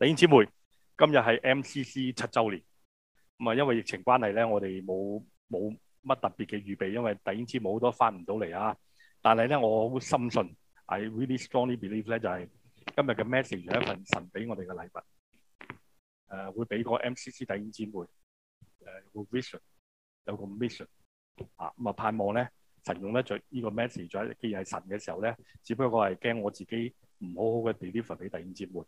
弟兄姊妹，今日係 MCC 七周年。咁啊，因為疫情關係咧，我哋冇冇乜特別嘅預備，因為弟兄姊妹好多翻唔到嚟啊。但係咧，我好深信，I really strongly believe 咧，就係今日嘅 message 係一份神俾我哋嘅禮物。誒、呃，會俾個 MCC 弟兄姊妹誒、呃、個 vision，有個 mission 啊。咁啊，盼望咧神用得着呢個 message，既然係神嘅時候咧，只不過係驚我自己唔好好嘅 deliver 俾弟兄姊妹。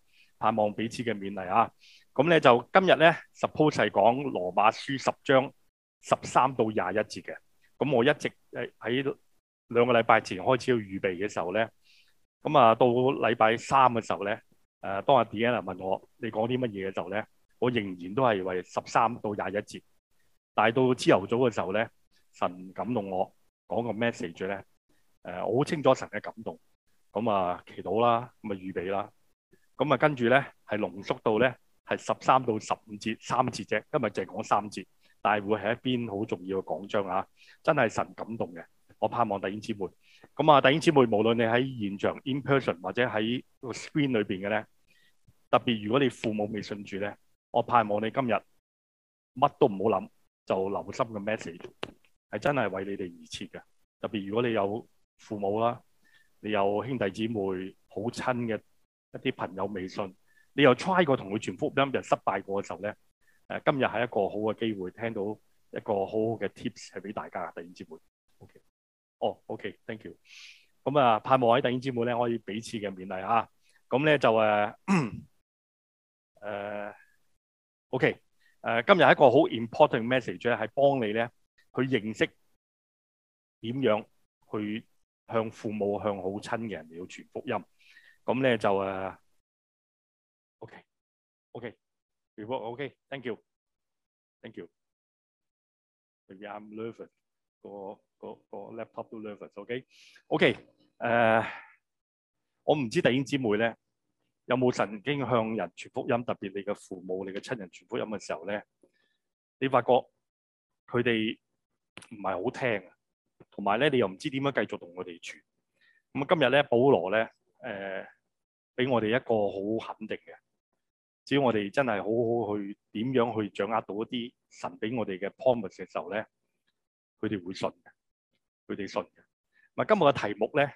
盼望彼此嘅勉勵啊！咁咧就今日咧，suppose 係講羅馬書十章十三到廿一節嘅。咁我一直喺喺兩個禮拜前開始要預備嘅時候咧，咁啊到禮拜三嘅時候咧，誒當阿 Diana 問我你講啲乜嘢嘅時候咧，我仍然都係為十三到廿一節。但係到朝頭早嘅時候咧，神感動我講個 message 咧，誒我好清楚神嘅感動。咁啊祈禱啦，咁啊預備啦。咁啊，跟住咧，係濃縮到咧，係十三到十五節三節啫，今日凈係講三節，但係會喺一邊好重要嘅講章啊！真係神感動嘅，我盼望弟兄姊妹。咁啊，弟兄姊妹，無論你喺現場 in person 或者喺個 screen 裏邊嘅咧，特別如果你父母未信住咧，我盼望你今日乜都唔好諗，就留心個 message，係真係為你哋而設嘅。特別如果你有父母啦，你有兄弟姊妹好親嘅。一啲朋友微信，你又 try 過同佢傳福音，又失敗過嘅時候咧，誒，今日係一個好嘅機會，聽到一個好好嘅 tips 係俾大家啊，弟兄姊妹。OK，哦，OK，thank you。咁啊，盼望喺弟兄姊妹咧，可以彼此嘅勉勵啊。咁咧就誒，誒、啊，OK，誒、啊，今日一個好 important message 咧，係幫你咧去認識點樣去向父母、向好親嘅人嚟，要傳福音。咁咧就誒 OK, OK, 如果 OK, thank you，Thank you, yeah, loving 個 laptop 都 loving, OK, OK 誒，我唔知弟兄姊妹咧有冇曾經向人傳福音，特別你嘅父母、你嘅親人傳福音嘅時候咧，你發覺佢哋唔係好聽，同埋咧你又唔知點樣繼續同佢哋傳。咁今日咧，保羅咧。誒、呃，俾我哋一個好肯定嘅，只要我哋真係好好去點樣去掌握到一啲神俾我哋嘅 promise 嘅時候咧，佢哋會信嘅，佢哋信嘅。今日嘅題目咧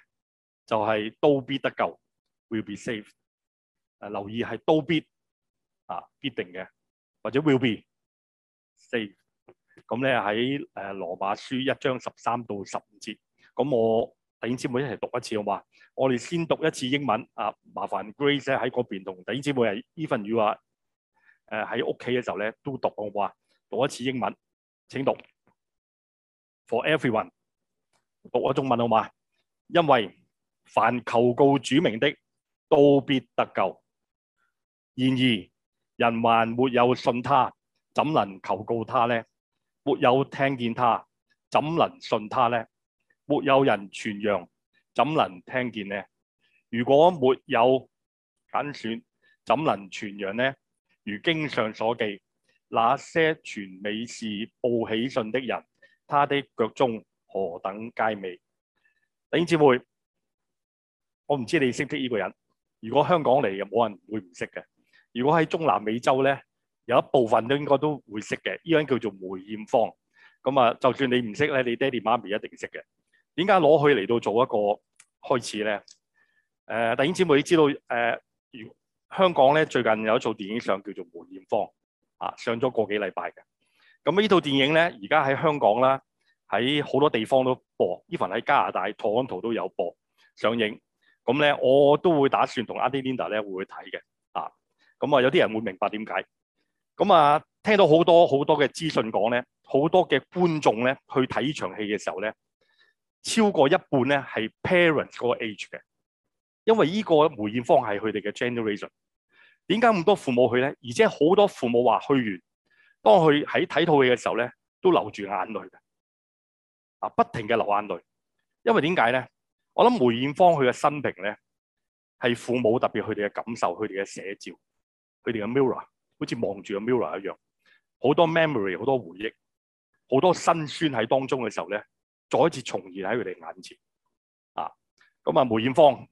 就係都必得救，will be saved。留意係都必啊，必定嘅，或者 will be saved。咁咧喺誒羅馬書一章十三到十五節，咁我。弟兄姐妹一齊讀一次好嘛？我哋先讀一次英文啊！麻煩 Grace 喺嗰邊同弟兄姐妹係呢份語話，誒喺屋企嘅時候咧都讀好嘛？讀一次英文，請讀 For everyone。讀咗中文好嘛？因為凡求告主名的，都必得救。然而人還沒有信他，怎能求告他呢？沒有聽見他，怎能信他呢？沒有人傳揚，怎能聽見呢？如果沒有揀選，怎能傳揚呢？如經上所記，那些傳美事、報喜訊的人，他的腳蹤何等佳美。丁智慧，我唔知你識唔識呢個人。如果香港嚟嘅，冇人會唔識嘅。如果喺中南美洲咧，有一部分都應該都會識嘅。呢個人叫做梅艷芳。咁啊，就算你唔識咧，你爹哋媽咪一定識嘅。點解攞佢嚟到做一個開始咧？誒、呃，弟兄姊妹知道誒、呃，香港咧最近有一套電影上叫做《梅艷芳》啊，上咗個幾禮拜嘅。咁呢套電影咧，而家喺香港啦，喺好多地方都播，even 喺加拿大、多倫多都都有播上映。咁咧，我都會打算同阿 Linda 咧會去睇嘅啊。咁啊，有啲人會明白點解。咁啊，聽到好多好多嘅資訊講咧，好多嘅觀眾咧去睇呢場戲嘅時候咧。超過一半咧係 parents 嗰個 age 嘅，因為呢個梅艷芳係佢哋嘅 generation。點解咁多父母去咧？而且好多父母話去完，當佢喺睇套戲嘅時候咧，都流住眼淚嘅，啊不停嘅流眼淚。因為點解咧？我諗梅艷芳佢嘅生平咧，係父母特別佢哋嘅感受，佢哋嘅寫照，佢哋嘅 mirror，好似望住個 mirror 一樣，好多 memory，好多回憶，好多辛酸喺當中嘅時候咧。再一次重現喺佢哋眼前啊！咁啊，梅艷芳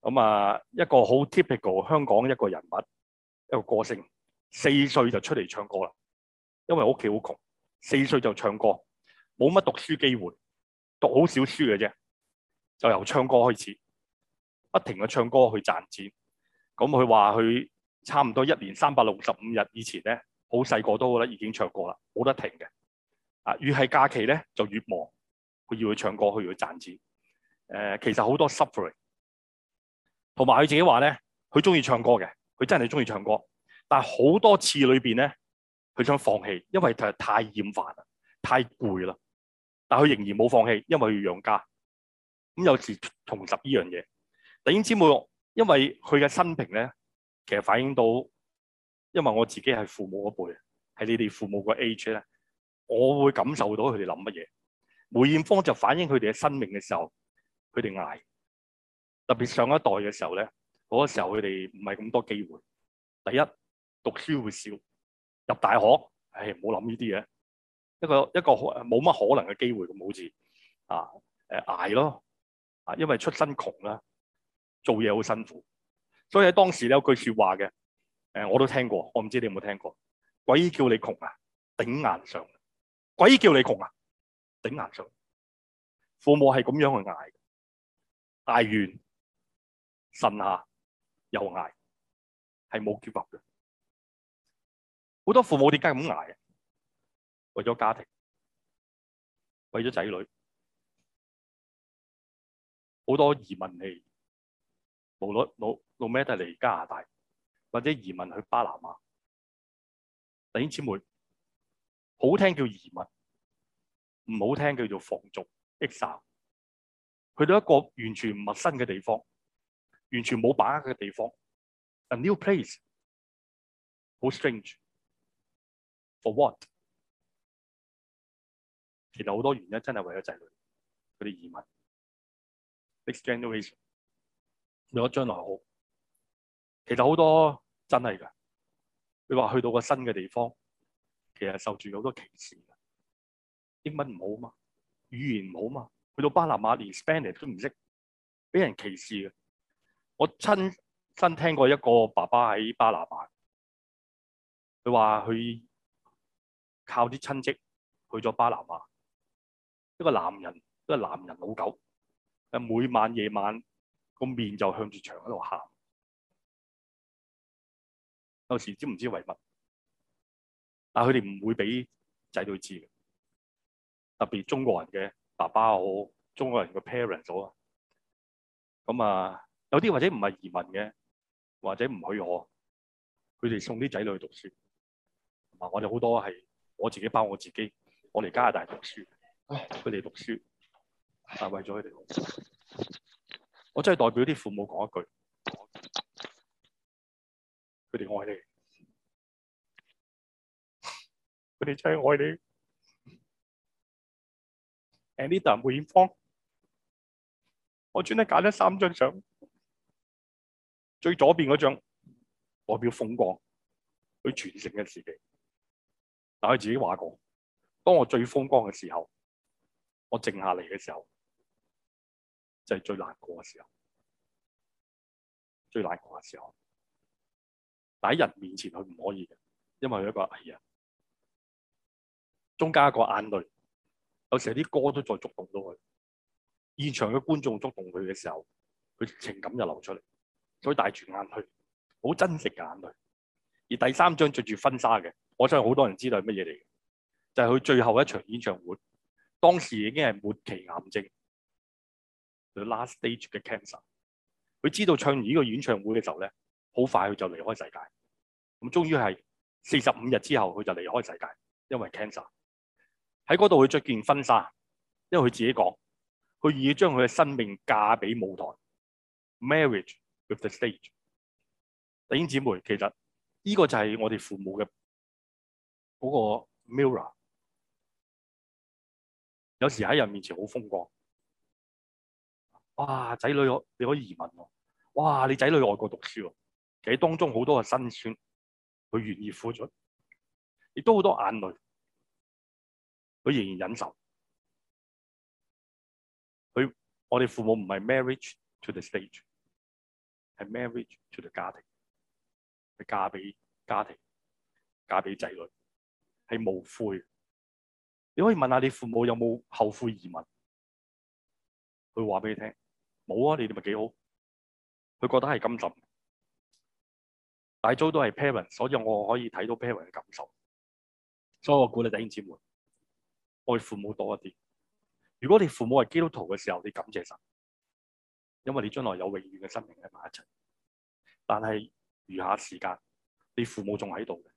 咁啊，一個好 typical 香港一個人物，一個歌星。四歲就出嚟唱歌啦，因為屋企好窮，四歲就唱歌，冇乜讀書機會，讀好少書嘅啫，就由唱歌開始，不停嘅唱歌去賺錢。咁佢話佢差唔多一年三百六十五日以前咧，好細個都咧已經唱歌啦，冇得停嘅啊。越係假期咧就越忙。佢要佢唱歌，佢要佢賺錢，呃。其實好多 suffering，同埋佢自己話咧，佢中意唱歌嘅，佢真係中意唱歌。但係好多次裏邊咧，佢想放棄，因為太厭煩啦，太攰啦。但係佢仍然冇放棄，因為佢要養家。咁有時重拾呢樣嘢。突然之冇用，因為佢嘅生平咧，其實反映到，因為我自己係父母嗰輩，係你哋父母個 age 咧，我會感受到佢哋諗乜嘢。梅艷芳就反映佢哋嘅生命嘅時候，佢哋挨，特別上一代嘅時候咧，好多時候佢哋唔係咁多機會。第一，讀書會少，入大學，唉、哎，唔好諗呢啲嘢，一個一個冇乜可能嘅機會咁好似，啊，誒、啊，挨咯，啊，因為出身窮啦，做嘢好辛苦，所以喺當時咧有句說話嘅，誒，我都聽過，我唔知你有冇聽過，鬼叫你窮啊，頂硬上，鬼叫你窮啊！頂硬上，父母係咁樣去挨，挨完，神下又挨，係冇缺乏嘅。好多父母點解咁挨啊？為咗家庭，為咗仔女，好多移民嚟，無論老攞咩都嚟加拿大，或者移民去巴拿馬。弟兄姊妹，好聽叫移民。唔好聽，叫做放逐。Exile，去到一個完全唔陌生嘅地方，完全冇把握嘅地方。A new place，好 strange。For what？其實好多原因真係為咗仔女佢哋移民。next generation，為咗將來好。其實好多真係㗎。你話去到個新嘅地方，其實受住好多歧視。英文唔好嘛，語言唔好嘛，去到巴拿馬連 Spanish 都唔識，俾人歧視嘅。我親身聽過一個爸爸喺巴拿馬，佢話佢靠啲親戚去咗巴拿馬，一個男人，一個男人老狗，誒，每晚夜晚個面就向住牆喺度喊，有時知唔知為乜，但係佢哋唔會俾仔女知嘅。特別中國人嘅爸爸好，中國人嘅 parents 好啊！咁啊，有啲或者唔係移民嘅，或者唔許我，佢哋送啲仔女去讀書。同埋我哋好多係我自己包我自己，我嚟加拿大讀書。唉，佢哋讀書但為咗佢哋讀，我真係代表啲父母講一句，佢哋愛你，佢哋真係愛你。艾麗達梅艷芳，我專登揀咗三張相，最左邊嗰張代表風光，佢傳承嘅自己。但佢自己話過，當我最風光嘅時候，我靜下嚟嘅時候，就係最難過嘅時候，最難過嘅時候。但喺人面前佢唔可以嘅，因為佢一個藝人，中間一個眼淚。有時啲歌都再觸動到佢，現場嘅觀眾觸動佢嘅時候，佢情感就流出嚟，所以帶住眼淚，好真實嘅眼淚。而第三張着住婚紗嘅，我相信好多人知道係乜嘢嚟嘅，就係、是、佢最後一場演唱會，當時已經係末期癌症、The、，last stage 嘅 cancer。佢知道唱完呢個演唱會嘅時候咧，好快佢就離開世界。咁終於係四十五日之後，佢就離開世界，因為 cancer。喺嗰度去着件婚紗，因為佢自己講，佢願意將佢嘅生命嫁俾舞台，marriage with the stage。弟兄姊妹，其實呢個就係我哋父母嘅嗰個 mirror。有時喺人面前好風光，哇，仔女你可以移民喎，哇，你仔女外國讀書喎，其實當中好多嘅辛酸，佢願意付出，亦都好多眼淚。佢仍然忍受。佢我哋父母唔係 marriage to the stage，係 marriage to the 家庭，係嫁俾家庭，嫁俾仔女，係無悔。你可以問下你父母有冇後悔移民？佢話俾你聽，冇啊，你哋咪幾好。佢覺得係甘心，大係都都係 parent，所以我可以睇到 parent 嘅感受。所以我鼓勵弟兄姊妹。愛父母多一啲。如果你父母係基督徒嘅時候，你感謝神，因為你將來有永遠嘅生命喺埋一齊。但係餘下時間，你父母仲喺度嘅，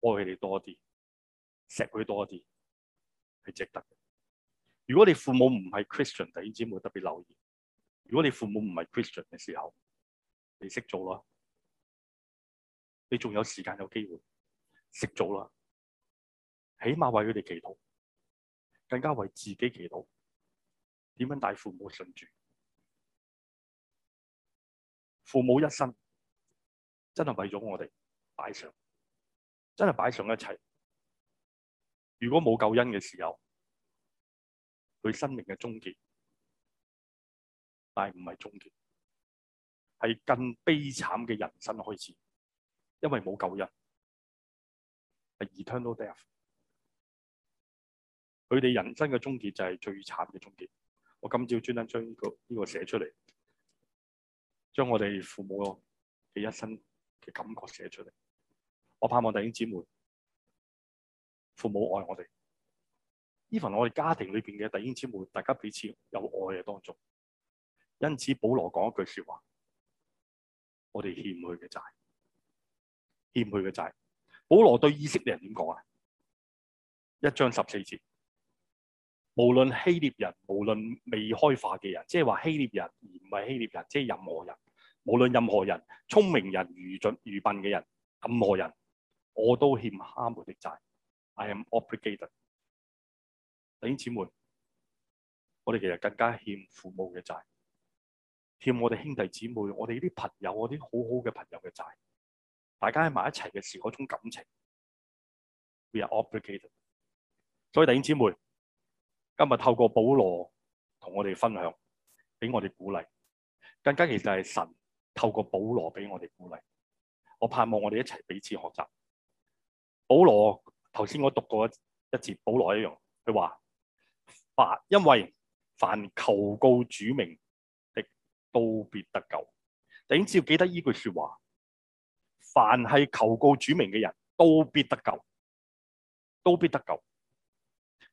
愛佢哋多啲，錫佢多啲，係值得嘅。如果你父母唔係 Christian，弟兄姊妹特別留意。如果你父母唔係 Christian 嘅時候，你識做啦，你仲有時間有機會識做啦，起碼為佢哋祈禱。更加為自己祈禱，點樣帶父母信主？父母一生真係為咗我哋擺上，真係擺上一切。如果冇救恩嘅時候，佢生命嘅終結，但係唔係終結，係更悲慘嘅人生開始，因為冇救恩係 eternal death。佢哋人生嘅終結就係最慘嘅終結。我今朝專登將呢個呢個寫出嚟，將我哋父母嘅嘅一生嘅感覺寫出嚟。我盼望弟兄姊妹，父母愛我哋。呢份我哋家庭裏邊嘅弟兄姊妹，大家彼此有愛嘅當中，因此保羅講一句說話，我哋欠佢嘅債，欠佢嘅債。保羅對以色列人點講啊？一章十四節。無論希臘人，無論未開化嘅人，即係話希臘人而唔係希臘人，即係、就是、任何人，無論任何人，聰明人、愚拙、愚笨嘅人，任何人，我都欠阿門的債。I am obligated。弟兄姊妹，我哋其實更加欠父母嘅債，欠我哋兄弟姊妹，我哋呢啲朋友，我啲好好嘅朋友嘅債，大家喺埋一齊嘅時候，嗰種感情，we are obligated。所以弟兄姊妹。今日透過保羅同我哋分享，俾我哋鼓勵。更加其實係神透過保羅俾我哋鼓勵。我盼望我哋一齊彼此學習。保羅頭先我讀過一,一節保羅一樣，佢話：凡因為凡求告主名的，都必得救。頂只要記得依句説話，凡係求告主名嘅人都必得救，都必得救。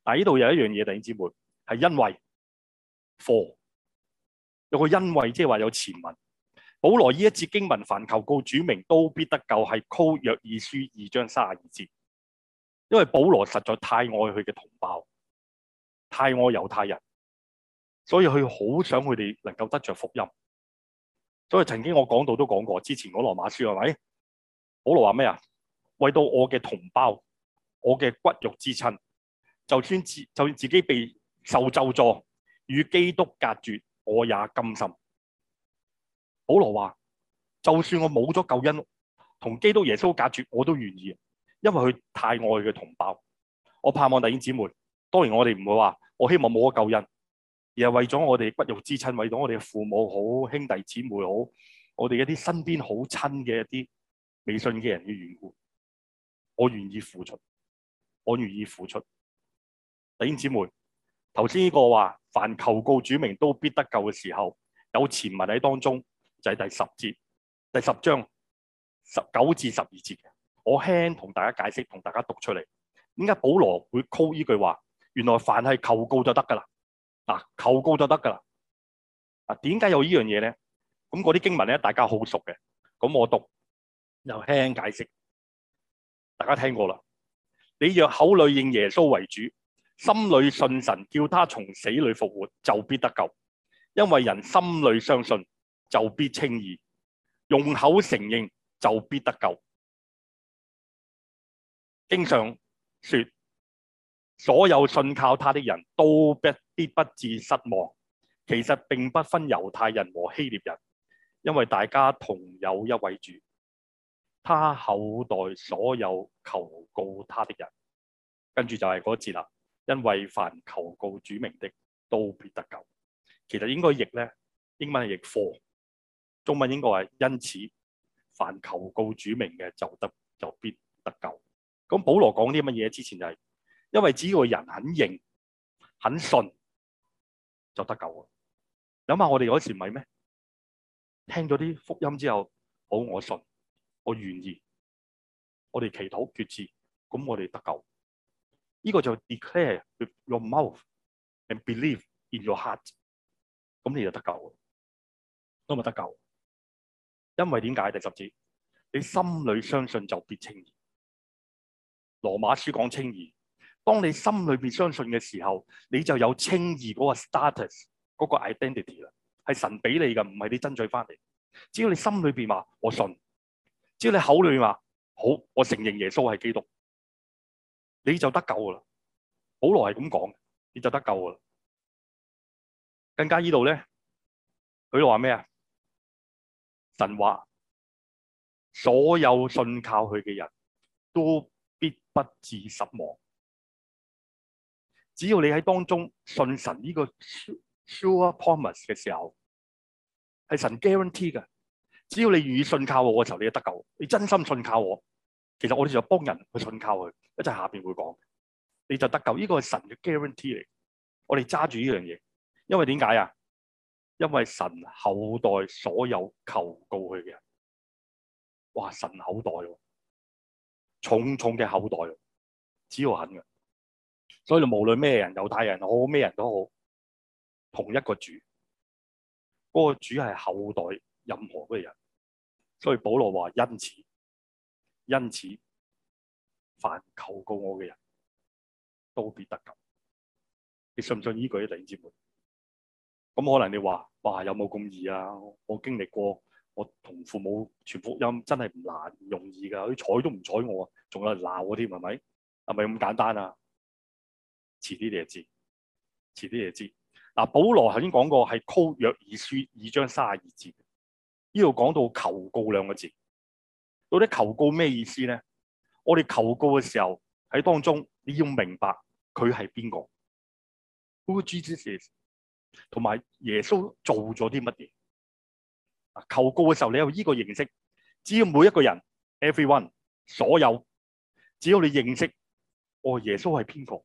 喺呢度有一樣嘢，弟兄姊妹，係因為 for 有個因為，即係話有前文。保羅呢一節經文，凡求告主名都必得救，係《哥約珥書二章三十二節》。因為保羅實在太愛佢嘅同胞，太愛猶太人，所以佢好想佢哋能夠得着福音。所以曾經我講到都講過，之前嗰羅馬書係咪？保羅話咩啊？為到我嘅同胞，我嘅骨肉之親。就算自就算自己被受咒詛，與基督隔絕，我也甘心。保羅話：就算我冇咗救恩，同基督耶穌隔絕，我都願意，因為佢太愛嘅同胞。我盼望弟兄姊妹，當然我哋唔會話，我希望冇咗救恩，而係為咗我哋骨肉之親，為咗我哋嘅父母好、兄弟姊妹好，我哋一啲身邊好親嘅一啲未信嘅人嘅緣故，我願意付出，我願意付出。弟兄姊妹，頭先呢個話凡求告主名都必得救嘅時候，有前文喺當中，就係、是、第十節、第十章十九至十二節嘅。我輕同大家解釋，同大家讀出嚟。點解保羅會 call 呢句話？原來凡係求告就得㗎喇，嗱、啊、求告就得㗎喇。嗱、啊，點解有呢樣嘢咧？咁嗰啲經文咧，大家好熟嘅。咁我讀又輕解釋，大家聽過啦。你若口裏應耶穌為主。心裏信神，叫他從死裏復活，就必得救。因為人心裏相信，就必稱義，用口承認，就必得救。經常說，所有信靠他的人都必不至失望。其實並不分猶太人和希臘人，因為大家同有一位主，他厚待所有求告他的人。跟住就係嗰字啦。因為凡求告主名的，都必得救。其實應該譯咧，英文係譯 “for”，中文應該話因此，凡求告主名嘅就得就必得救。咁保羅講啲乜嘢？之前就係、是、因為只要人肯認、肯信就得救。諗下我哋嗰時咪咩？聽咗啲福音之後，好我信，我願意，我哋祈禱決志，咁我哋得救。呢、這個就 declare with your mouth and believe in your heart，咁你就得救了。我唔得救了，因為點解？第十節，你心裏相信就必稱義。羅馬書講稱義，當你心裏邊相信嘅時候，你就有稱義嗰個 status，嗰個 identity 啦,係神俾你噶，唔係你爭取翻嚟。只要你心裏邊話我信，只要你口裏話好，我承認耶穌係基督。你就得救噶啦！保羅係咁講，你就得救噶啦。更加呢度咧，保羅話咩啊？神話所有信靠佢嘅人都必不至失望。只要你喺當中信神呢個 sure promise 嘅時候，係神 guarantee 嘅。只要你願意信靠我嘅時候，你就得救。你真心信靠我。其實我哋就幫人去信靠佢，一陣下邊會講，你就得救。呢個係神嘅 guarantee 嚟，我哋揸住呢樣嘢，因為點解啊？因為神厚待所有求告佢嘅人，哇！神厚待，重重嘅厚待，只要肯嘅，所以就無論咩人，猶太人好，咩人都好，同一個主，嗰個主係厚待任何嘅人，所以保羅話因此。因此，凡求告我嘅人都必得救。你信唔信呢句一，弟兄姊妹？咁可能你話：，哇，有冇咁易啊？我經歷過，我同父母傳福音真係唔難，唔容易噶。佢睬都唔睬我啊，仲有人鬧我添，係咪？係咪咁簡單啊？遲啲你就知，遲啲你就知。嗱，保羅頭先講過係《約珥書》二章三十二節，呢度講到求告兩個字。到底求告咩意思咧？我哋求告嘅時候喺當中，你要明白佢係邊個，Who Jesus is 同埋耶穌做咗啲乜嘢？求告嘅時候，你有呢個認識只要每一個人 everyone 所有，只要你認識哦耶穌係邊個，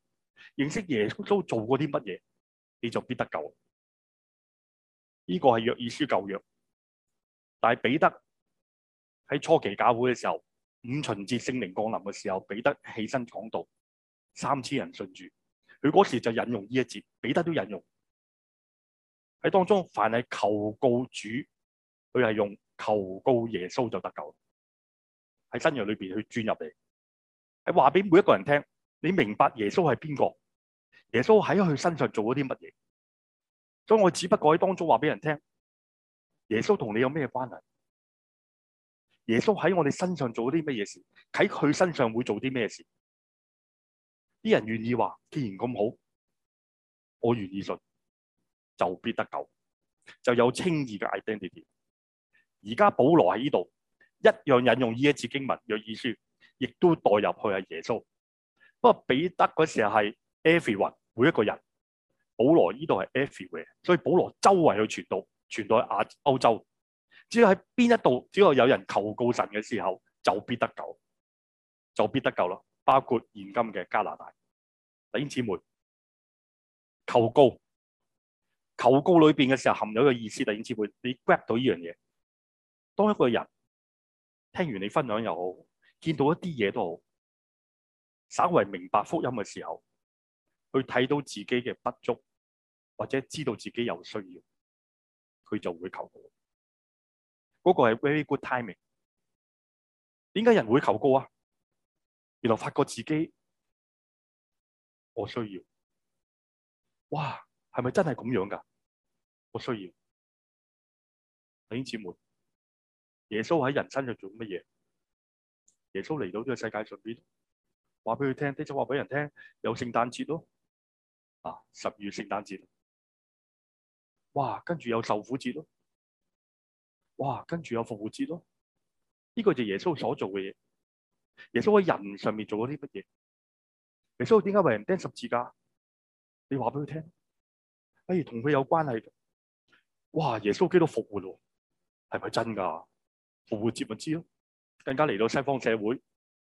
認識耶穌都做過啲乜嘢，你就必得救。呢、這個係約珥書舊約，但係彼得。喺初期教會嘅時候，五旬節聖靈降臨嘅時候，彼得起身講道，三千人信住。佢嗰時就引用呢一節，彼得都引用喺當中。凡係求告主，佢係用求告耶穌就得救。喺新約裏邊去轉入嚟，係話俾每一個人聽。你明白耶穌係邊個？耶穌喺佢身上做咗啲乜嘢？所以我只不過喺當中話俾人聽，耶穌同你有咩關係？耶穌喺我哋身上做啲乜嘢事，喺佢身上會做啲咩事？啲人願意話，既然咁好，我願意信，就必得救，就有輕易嘅 identity。而家保羅喺呢度一樣引用呢一次經文，約二書，亦都代入去係耶穌。不過彼得嗰時係 everyone，每一個人；保羅呢度係 everywhere，所以保羅周圍去傳道，傳到亞歐洲。只要喺邊一度，只要有人求告神嘅時候，就必得救，就必得救啦。包括現今嘅加拿大，弟兄姊妹，求告，求告裏邊嘅時候，含有一個意思，弟兄姊妹，你 grab 到呢樣嘢，當一個人聽完你分享又好，見到一啲嘢都好，稍為明白福音嘅時候，去睇到自己嘅不足，或者知道自己有需要，佢就會求告。嗰、那個係 very good timing。點解人會求告啊？原來發覺自己我需要。哇，係咪真係咁樣噶？我需要。弟兄姊妹，耶穌喺人生度做乜嘢？耶穌嚟到呢個世界上邊，話俾佢聽，即係話俾人聽，有聖誕節咯，啊，十二月聖誕節。哇，跟住有受苦節咯。哇，跟住有復活節咯，呢個就耶穌所做嘅嘢。耶穌喺人上面做咗啲乜嘢？耶穌點解為人釘十字架？你話俾佢聽，哎，同佢有關係。哇，耶穌基督復活咯，係咪真噶？復活節咪知咯。更加嚟到西方社會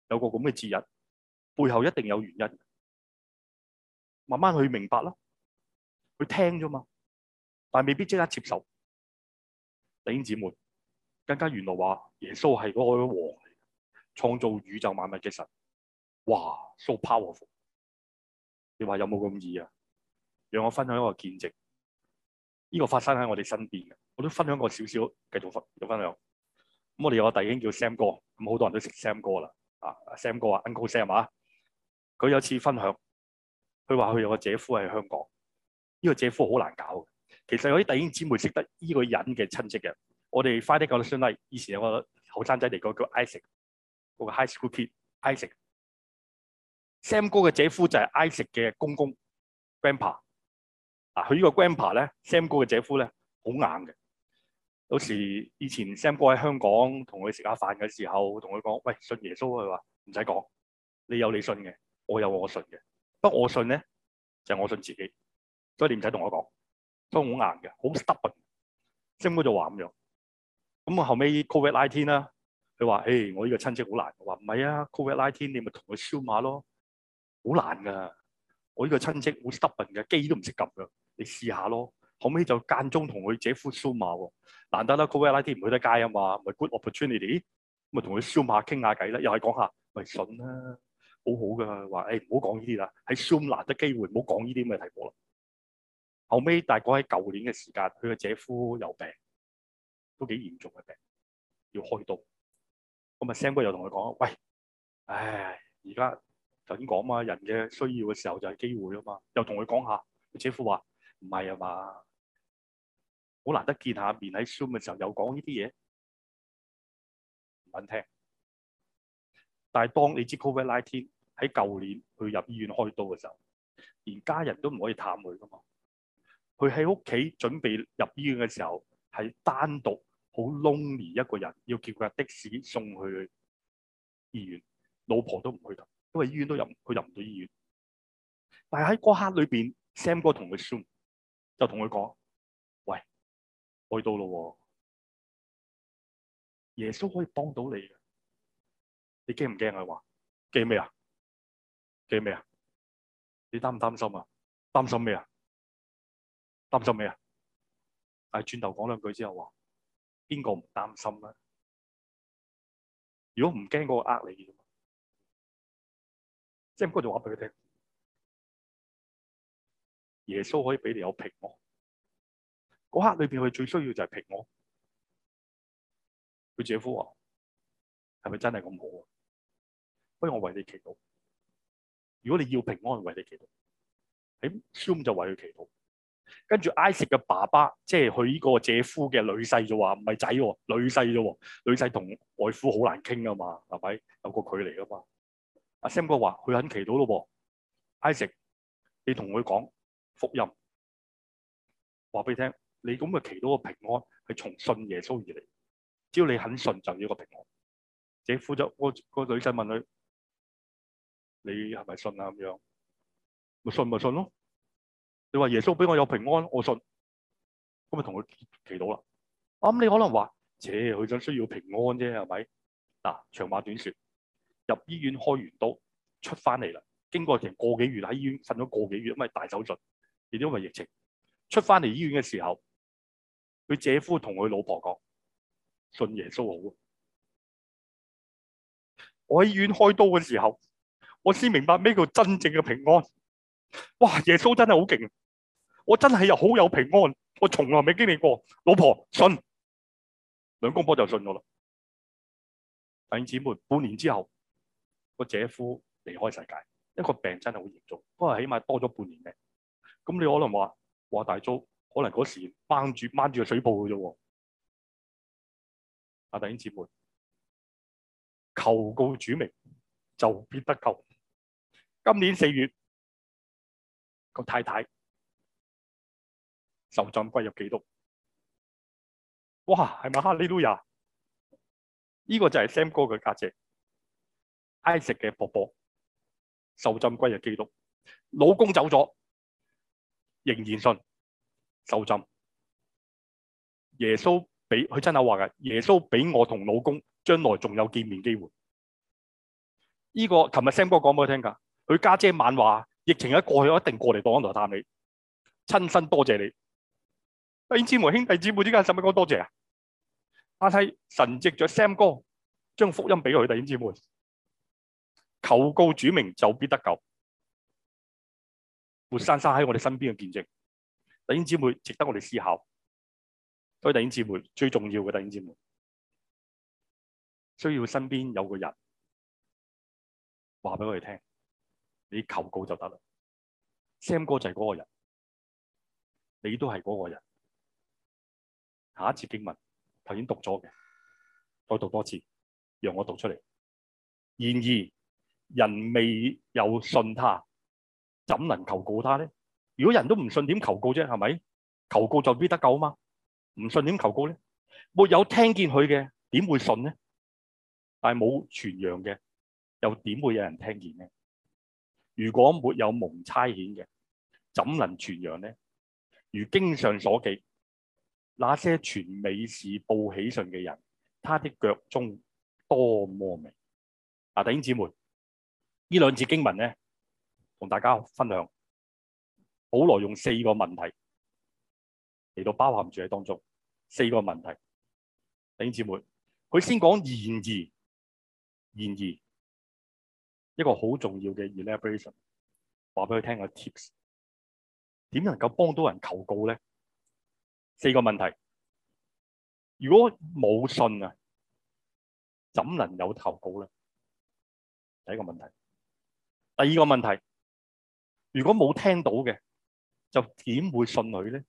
有個咁嘅節日，背後一定有原因。慢慢去明白啦，去聽啫嘛，但係未必即刻接受。弟兄姊妹，更加原來話耶穌係嗰個王嚟，創造宇宙萬物嘅神，哇，so powerful！你話有冇咁易啊？讓我分享一個見證，呢個發生喺我哋身邊嘅，我都分享過少少，繼續分享。咁我哋有個弟兄叫 Sam 哥，咁好多人都識 Sam 哥啦，啊，Sam 哥啊，Uncle Sam 啊，佢有一次分享，佢話佢有個姐夫喺香港，呢個姐夫好難搞嘅。其實有啲弟兄姊妹識得呢個人嘅親戚嘅，我哋快啲講到孫禮。以前有個後生仔嚟個叫 Isaac 個 High School Kid Isaac。Sam 哥嘅姐夫就係 Isaac 嘅公公 Grandpa。啊，佢呢個 Grandpa 咧，Sam 哥嘅姐夫咧，好硬嘅。有時以前 Sam 哥喺香港同佢食下飯嘅時候，同佢講：喂，信耶穌？佢話唔使講，你有你信嘅，我有我信嘅。不過我信咧，就係我信自己，所以你唔使同我講。都好硬嘅，好 stubborn，即係就話咁樣。咁、hey, 我後尾 Covid 19啦，佢話：，誒，我呢個親戚好難。我話唔係啊 Covid 19你咪同佢 zoom 下咯，好難㗎。我呢個親戚好 stubborn 嘅，機都唔識撳㗎。你試下咯。後尾就間中同佢姐夫 zoom 下喎，難得啦 Covid 19唔去得街啊嘛，咪 good opportunity，咪同佢 zoom 下傾下偈啦。又係講下，咪順啦，信好好㗎。話誒唔好講呢啲啦，喺、hey, zoom 難得機會，唔好講呢啲咁嘅題目啦。後尾大概喺舊年嘅時間，佢嘅姐夫有病，都幾嚴重嘅病，要開刀。咁啊 s a m b 又同佢講：，喂，唉，而家頭先講嘛，人嘅需要嘅時候就係機會啊嘛。又同佢講下，佢姐夫話唔係啊嘛，好難得見下面喺 Zoom 嘅時候又講呢啲嘢，唔肯聽。但係當你知 Covert 拉天，喺舊年去入醫院開刀嘅時候，連家人都唔可以探佢噶嘛。佢喺屋企準備入醫院嘅時候，係單獨好 lonely 一個人，要叫架的士送去醫院，老婆都唔去得，因為醫院都入唔，佢入唔到醫院。但係喺嗰刻裏邊，Sam 哥同佢 soon 就同佢講：，喂，我到咯，耶穌可以幫到你嘅，你驚唔驚？佢話：驚咩啊？驚咩啊？你擔唔擔心啊？擔心咩啊？擔心咩啊？但係轉頭講兩句之後話，邊個唔擔心咧？如果唔驚嗰個呃你嘅，嘛，即係嗰句話俾佢聽。耶穌可以俾你有平安，嗰刻裏邊佢最需要就係平安。佢姐夫話：係咪真係咁好啊？不如我為你祈禱。如果你要平安，我為你祈禱。喺 Zoom 就為佢祈禱。跟住 Isaac 嘅爸爸，即係佢呢個姐夫嘅女婿就話唔係仔，女婿啫，女婿同外父好難傾噶嘛，係咪有個距離噶嘛？阿 Sam 哥話佢肯祈禱咯 Isaac 你同佢講福音，話俾你聽，你咁嘅祈禱個平安係從信耶穌而嚟，只要你肯信就要個平安。姐夫就個個女婿問佢，你係咪信啊？咁樣，咪信咪信咯。你話耶穌俾我有平安，我信，咁咪同佢祈禱啦。我咁你可能話，切，佢真需要平安啫，係咪？嗱，長話短說，入醫院開完刀出翻嚟啦，經過成個幾月喺醫院瞓咗個幾月，因為大手術，而因為疫情，出翻嚟醫院嘅時候，佢姐夫同佢老婆講，信耶穌好啊。我喺醫院開刀嘅時候，我先明白咩叫真正嘅平安。哇，耶穌真係好勁。我真係又好有平安，我從來未經歷過。老婆信，兩公婆就信咗啦。弟兄姊妹，半年之後個姐夫離開世界，一個病真係好嚴重，不過起碼多咗半年命。咁你可能話話大租可能嗰時掹住掹住個水泡嘅啫。阿弟兄姊妹，求告主名就必得救。今年四月個太太，受浸歸入基督，哇，係咪哈利路亞？呢、這個就係 Sam 哥嘅家姐。I 食嘅婆婆受浸歸入基督，老公走咗，仍然信受浸。耶穌俾佢親口話嘅，耶穌俾我同老公將來仲有見面機會。呢、這個琴日 Sam 哥講俾我聽噶，佢家姐，姐晚話疫情一過去，我一定過嚟度安度探你，親身多謝你。弟兄姊妹，兄弟姊妹之間使乜哥多謝啊！但係神藉着 Sam 哥將福音俾佢，弟兄姊妹求告主名就必得救，活生生喺我哋身邊嘅見證，弟兄姊妹值得我哋思考。所以弟兄姊妹最重要嘅弟兄姊妹，需要身邊有個人話俾我哋聽，你求告就得啦。Sam 哥就係嗰個人，你都係嗰個人。下一次經文頭先讀咗嘅，再讀多次，讓我讀出嚟。然而人未有信他，怎能求告他呢？如果人都唔信，點求告啫？係咪？求告就必得救嘛。唔信點求告呢？沒有聽見佢嘅，點會信呢？但係冇傳揚嘅，又點會有人聽見呢？如果沒有蒙差遣嘅，怎能傳揚呢？如經上所記。那些傳美事報喜訊嘅人，他的腳蹤多麼美！啊，弟兄姊妹，呢兩節經文咧，同大家分享，保羅用四個問題嚟到包含住喺當中，四個問題，弟兄姊妹，佢先講然而，然而一個好重要嘅 elaboration，話俾佢聽個 tips，點能夠幫到人求告咧？四個問題：如果冇信啊，怎能有投稿咧？第一個問題，第二個問題，如果冇聽到嘅，就點會信佢咧？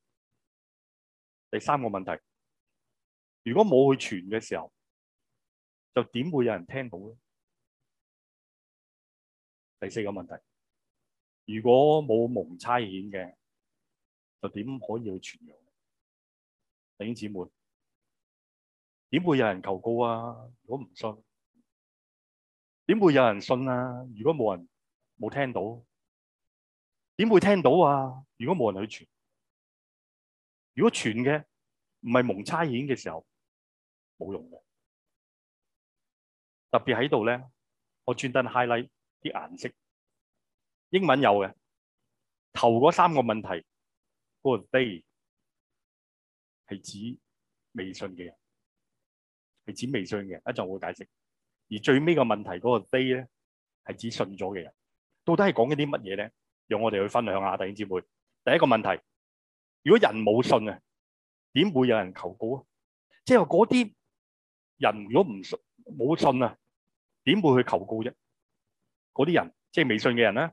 第三個問題，如果冇去傳嘅時候，就點會有人聽到咧？第四個問題，如果冇蒙差遣嘅，就點可以去傳嘅？弟兄姊，姊妹，點會有人求告啊？如果唔信，點會有人信啊？如果冇人冇聽到，點會聽到啊？如果冇人去傳，如果傳嘅唔係蒙差遣嘅時候，冇用嘅。特別喺度咧，我專登 highlight 啲顏色，英文有嘅頭嗰三個問題嗰個 day。係指微信嘅人，係指微信嘅，一陣我會解釋。而最尾個問題嗰個 day 咧，係指信咗嘅人。到底係講緊啲乜嘢咧？讓我哋去分享下弟兄姊妹。第一個問題，如果人冇信啊，點會有人求告啊？即係話嗰啲人如果唔信冇信啊，點會去求告啫？嗰啲人即係微信嘅人咧，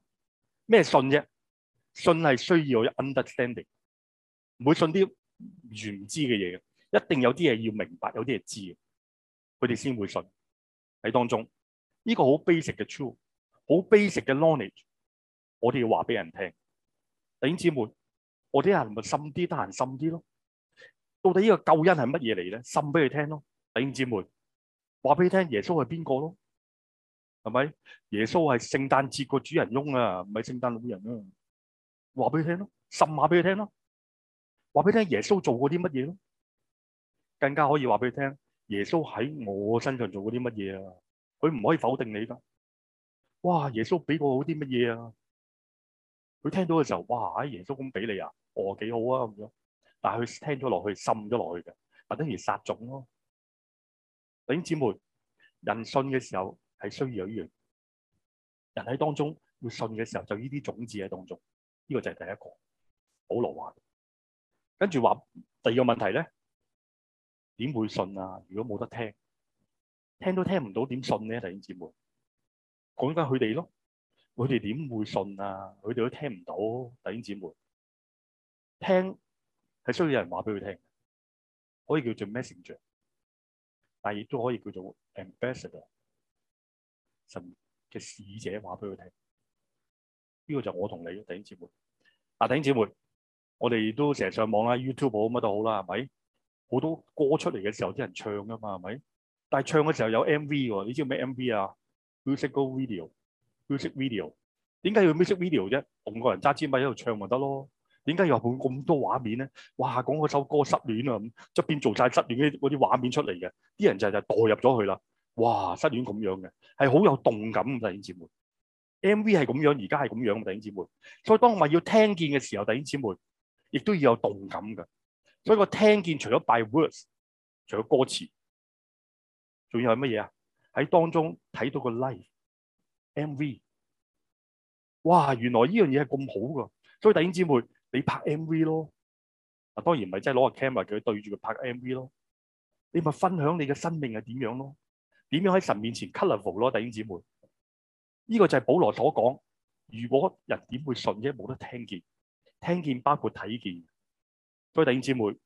咩信啫？信係需要去 understanding，唔會信啲。原知嘅嘢嘅，一定有啲嘢要明白，有啲嘢知嘅，佢哋先會信喺當中。呢、這個好 basic 嘅 true，好 basic 嘅 knowledge，我哋要話俾人聽。弟兄姊妹，我啲人咪深啲，得閒深啲咯。到底呢個救恩係乜嘢嚟咧？滲俾佢聽咯。弟兄姊妹，話俾你聽耶穌係邊個咯？係咪耶穌係聖誕節個主人翁啊？唔係聖誕老人啊。話俾佢聽咯，滲下俾佢聽咯。話俾你聽耶穌做過啲乜嘢咯，更加可以話俾你聽耶穌喺我身上做過啲乜嘢啊？佢唔可以否定你噶。哇！耶穌俾我好啲乜嘢啊？佢聽到嘅時候，哇！耶穌咁俾你啊，哦，幾好啊咁樣。但係佢聽咗落去滲咗落去嘅，等如撒種咯。弟兄姊妹，人信嘅時候係需要呢樣，人喺當中要信嘅時候就呢啲種子喺當中。呢、呢個就係第一個。保羅話。跟住話第二個問題咧，點會信啊？如果冇得聽，聽都聽唔到，點信咧？弟兄姐妹，講翻佢哋咯，佢哋點會信啊？佢哋都聽唔到，弟兄姐妹，聽係需要有人話俾佢聽，可以叫做 messenger，但亦都可以叫做 ambassador，神嘅使者話俾佢聽。呢、這個就我同你，弟兄姐妹。啊，弟兄姐妹。我哋都成日上網啦，YouTube 咁啊都好啦，係咪？好多歌出嚟嘅時候，啲人唱噶嘛，係咪？但係唱嘅時候有 MV 喎，你知咩 MV 啊 video？music video，music video，點解要 music video 啫？同個人揸支咪喺度唱咪得咯？點解要配咁多畫面咧？哇，講嗰首歌失戀啊咁，就變做晒失戀嗰啲畫面出嚟嘅，啲人就就代入咗去啦。哇，失戀咁樣嘅，係好有動感，弟兄姊妹。MV 係咁樣，而家係咁樣，弟兄姊妹。所以當我話要聽見嘅時候，弟兄姊妹。亦都要有動感㗎，所以我聽見除咗 by words，除咗歌詞，仲要係乜嘢啊？喺當中睇到個 live MV，哇！原來呢樣嘢係咁好噶，所以弟兄姊妹，你拍 MV 咯，嗱，當然唔係真係攞個 camera 佢對住佢拍 MV 咯，你咪分享你嘅生命係點樣咯？點樣喺神面前 colourful 咯？弟兄姊妹，呢個就係保羅所講，如果人點會信啫？冇得聽見。聽見包括睇見，所以弟兄姊妹，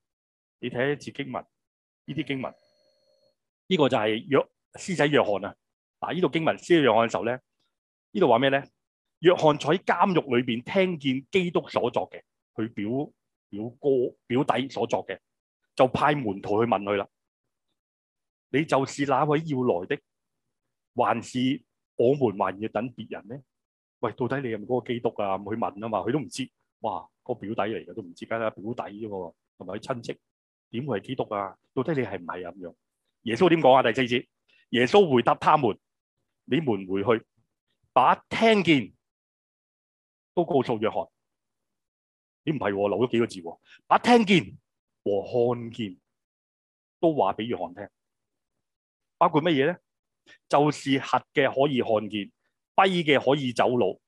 你睇一次經文，呢啲經文，呢個就係約施仔約翰啊。嗱，呢度經文，施仔約翰嘅時候咧，呢度話咩咧？約翰坐喺監獄裏邊聽見基督所作嘅，佢表表哥表弟所作嘅，就派門徒去問佢啦。你就是那位要來的，還是我們還要等別人咧？喂，到底你係咪嗰個基督啊？去問啊嘛，佢都唔知。哇，個表弟嚟嘅，都唔知家下表弟啫，同埋親戚，點會係基督啊？到底你係唔係啊？咁樣耶穌點講啊？第四節，耶穌回答他們：你們回去，把聽見都告訴約翰。你唔係留咗幾個字，啊，把聽見和看見都話俾約翰聽。包括乜嘢咧？就是瞎嘅可以看見，跛嘅可以走路，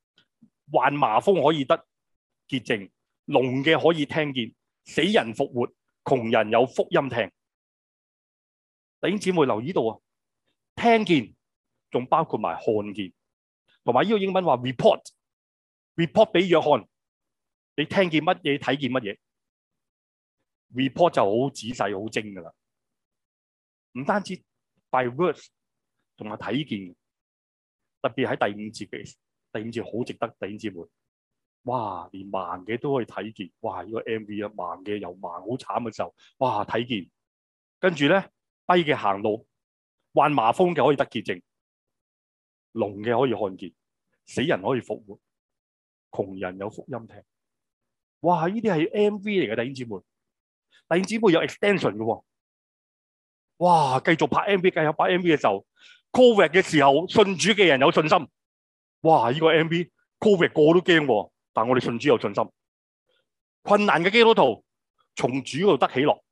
患麻風可以得。潔淨，聾嘅可以聽見，死人復活，窮人有福音聽。弟兄姊妹留意到啊，聽見仲包括埋看見，同埋呢個英文話 report，report 俾約翰，你聽見乜嘢睇見乜嘢，report 就好仔細好精噶啦，唔單止 by words，仲係睇見，特別喺第五節嘅第五節好值得，弟兄姊妹。哇！連盲嘅都可以睇見，哇！呢、這個 M V 啊，盲嘅又盲，好慘嘅時候，哇！睇見，跟住咧跛嘅行路，患麻風嘅可以得潔淨，聾嘅可以看見，死人可以復活，窮人有福音聽，哇！呢啲係 M V 嚟嘅，弟兄姊妹，弟兄姊妹有 extension 嘅、哦，哇！繼續拍 M V，繼續拍 M V 嘅時候 Covid 嘅時候，COVID 的時候信主嘅人有信心，哇！呢、這個 M V Covid 個都驚喎、哦。但我哋信主有信心，困難嘅基督徒從主嗰度得喜樂，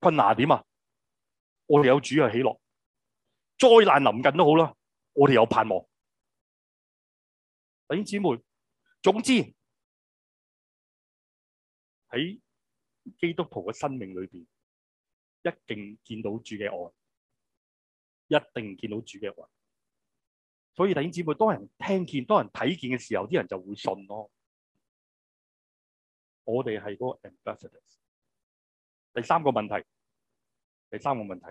困難點啊？我哋有主就喜樂，災難臨近都好啦，我哋有盼望。弟兄姊妹，總之喺基督徒嘅生命裏邊，一定見到主嘅愛，一定見到主嘅愛。所以弟兄姊妹，當人聽見、當人睇見嘅時候，啲人就會信咯。我哋係嗰個 Ambassadors。第三個問題，第三個問題，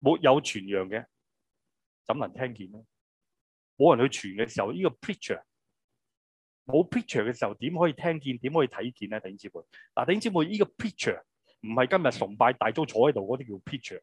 沒有傳揚嘅，怎能聽見咧？冇人去傳嘅時候，呢個 picture 冇 picture 嘅時候，點可以聽見？點可以睇見咧？弟兄姊妹，嗱，弟兄姊妹，呢個 picture 唔係今日崇拜大都坐喺度嗰啲叫 picture。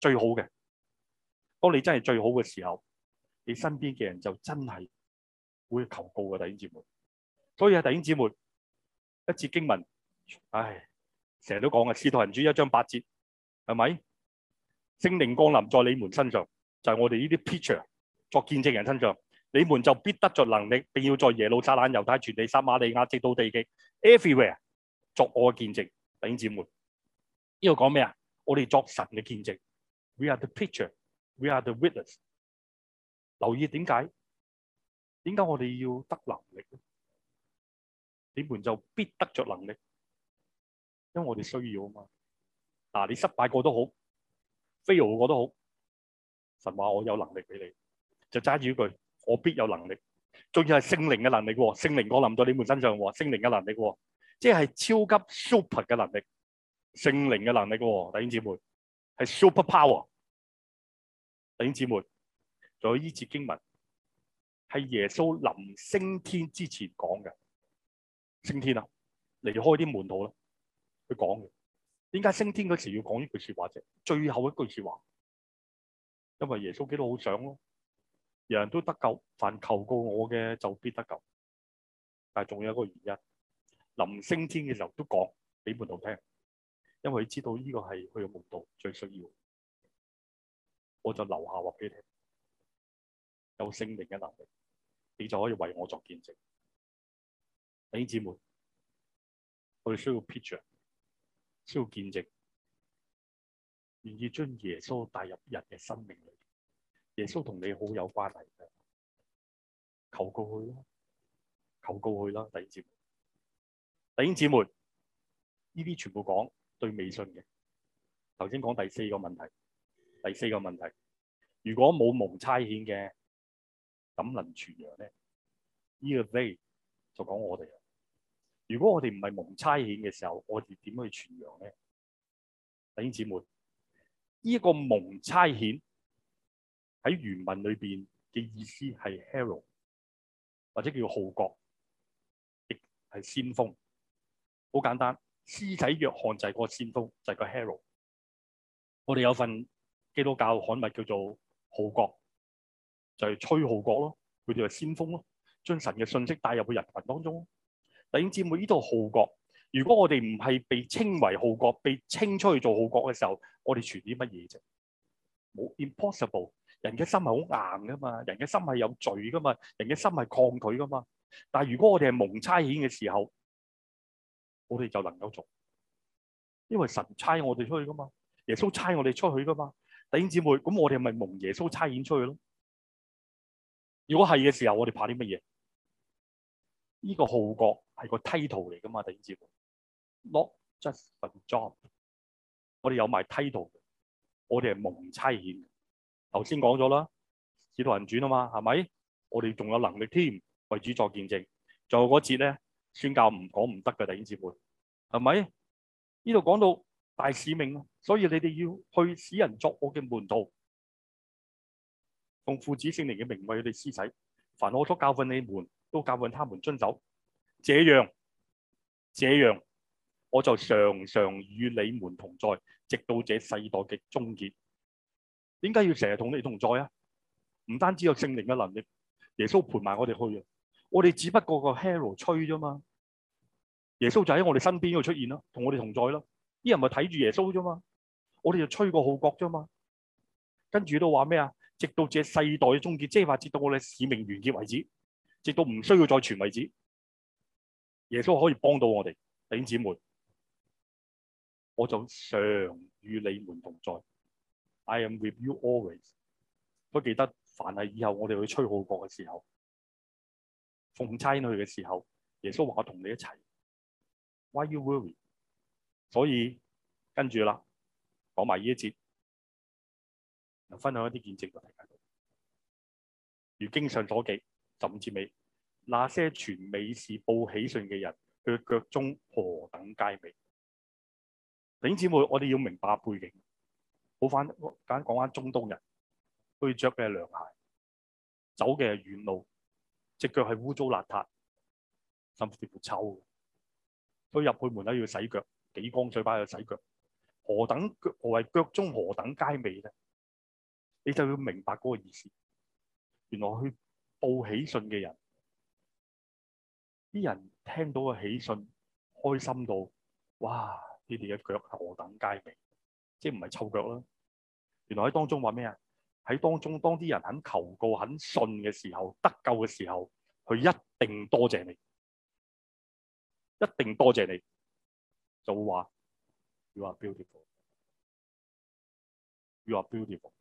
最好嘅，當你真係最好嘅時候，你身邊嘅人就真係會求告嘅。弟兄姊妹，所以啊，弟兄姊妹，一節經文，唉，成日都講啊，使徒行傳一章八節，係咪？聖靈降臨在你們身上，就係、是、我哋呢啲 picture 作見證人身上，你們就必得着能力，並要在耶路撒冷、猶太、全地、撒馬利亞直到地極，everywhere 作我嘅見證，弟兄姊妹。呢度講咩啊？我哋作神嘅見證。We are the picture, we are the witness. 留意點解？點解我哋要得能力咧？你們就必得著能力，因為我哋需要啊嘛。嗱、啊，你失敗過都好，fail 過都好，神話我有能力俾你，就揸住一句，我必有能力。仲要係聖靈嘅能力喎、哦，聖靈降臨到你們身上喎、哦，聖靈嘅能力喎、哦，即係超級 super 嘅能力，聖靈嘅能力喎、哦，弟兄姊妹。係 super power，弟兄姊妹，仲有呢節經文係耶穌臨升天之前講嘅，升天啦、啊，離開啲門徒啦，佢講嘅，點解升天嗰時候要講呢句說話啫？最後一句說話，因為耶穌基督好想咯，人人都得救，凡求過我嘅就必得救，但係仲有一個原因，臨升天嘅時候都講俾門徒聽。因為知道呢個係佢嘅目的最需要的，我就留下話俾你聽，有聖靈嘅能力，你就可以為我作見證。弟兄姊妹，我哋需要 picture，需要見證，願意將耶穌帶入人嘅生命裏。耶穌同你好有關係嘅，求告佢啦，求告佢啦，弟兄姊妹。弟兄姊妹，呢啲全部講。對未信嘅，頭先講第四個問題。第四個問題，如果冇蒙差遣嘅，怎麼能傳揚呢？呢、這個 v 就講我哋啦。如果我哋唔係蒙差遣嘅時候，我哋點去傳揚呢？弟兄姊妹，呢、這個蒙差遣喺原文裏邊嘅意思係 hero，或者叫號角，亦係先鋒。好簡單。獅仔約翰就係個先鋒，就係個 Herald。我哋有份基督教刊物叫做號角，就係吹號角咯。佢哋係先鋒咯，將神嘅信息帶入去人群當中。弟兄姊妹，呢度號角。如果我哋唔係被稱為號角，被稱出去做號角嘅時候，我哋傳啲乜嘢啫？冇 impossible。人嘅心係好硬噶嘛，人嘅心係有罪噶嘛，人嘅心係抗拒噶嘛。但係如果我哋係蒙差遣嘅時候，我哋就能夠做，因為神差我哋出去噶嘛，耶穌差我哋出去噶嘛。弟兄姊妹，咁我哋咪蒙耶穌差遣出去咯。如果係嘅時候，我哋怕啲乜嘢？呢個號角係個 title 嚟噶嘛，弟兄姊妹。Not just a job，我哋有埋 title，我哋係蒙差遣。頭先講咗啦，《使徒行傳》啊嘛，係咪？我哋仲有能力添為主作見證。仲有嗰節咧。宣教唔講唔得㗎，弟兄姊妹，係咪？呢度講到大使命，所以你哋要去使人作我嘅門徒，奉父子聖靈嘅名為佢哋施洗。凡我所教訓你們，都教訓他們遵守。這樣，這樣，我就常常與你們同在，直到這世代嘅終結。點解要成日同你同在啊？唔單止有聖靈嘅能力，耶穌陪埋我哋去啊！我哋只不過個 hero 吹啫嘛～耶穌就喺我哋身邊度出現咯，同我哋同在咯。啲人咪睇住耶穌啫嘛，我哋就吹過號角啫嘛。跟住都話咩啊？直到這世代嘅終結，即係話直到我哋使命完結為止，直到唔需要再傳為止，耶穌可以幫到我哋弟兄姊妹。我就常與你們同在，I am with you always。都記得凡係以後我哋去吹號角嘅時候，奉差去嘅時候，耶穌話我同你一齊。Why you worry？所以跟住啦，講埋呢一節，嚟分享一啲見證俾大家。如經上所記，十五節尾，那些傳美事、報喜訊嘅人，佢嘅腳中何等佳美。弟兄姊妹，我哋要明白背景。補翻，講翻中東人，佢着嘅係涼鞋，走嘅係遠路，隻腳係污糟邋遢，甚至乎臭。所以入去門口要洗腳，幾光水擺喺洗腳，何等何謂腳中何等佳美咧？你就要明白嗰個意思。原來去報喜信嘅人，啲人聽到個喜信，開心到，哇！呢啲嘅腳何等佳美，即係唔係臭腳啦？原來喺當中話咩啊？喺當中，當啲人肯求告、肯信嘅時候，得救嘅時候，佢一定多謝你。一定多謝你，就會話 You are beautiful. You are beautiful.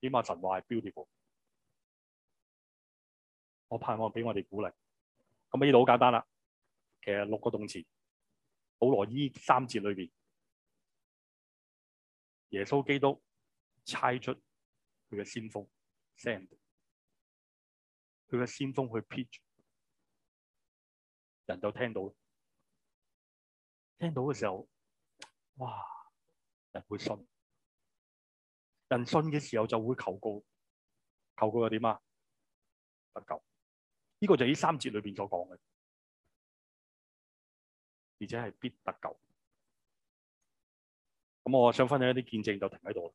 起碼神話係 beautiful。我盼望俾我哋鼓勵。咁啊，依度好簡單啦。其實六個動詞，保羅依三節裏邊，耶穌基督猜出佢嘅先鋒 send。佢嘅先鋒去 preach 人就聽到，聽到嘅時候，哇，人會信，人信嘅時候就會求告，求告又點啊？得救，呢、這個就係呢三節裏邊所講嘅，而且係必得救。咁我想分享一啲見證就停喺度啦。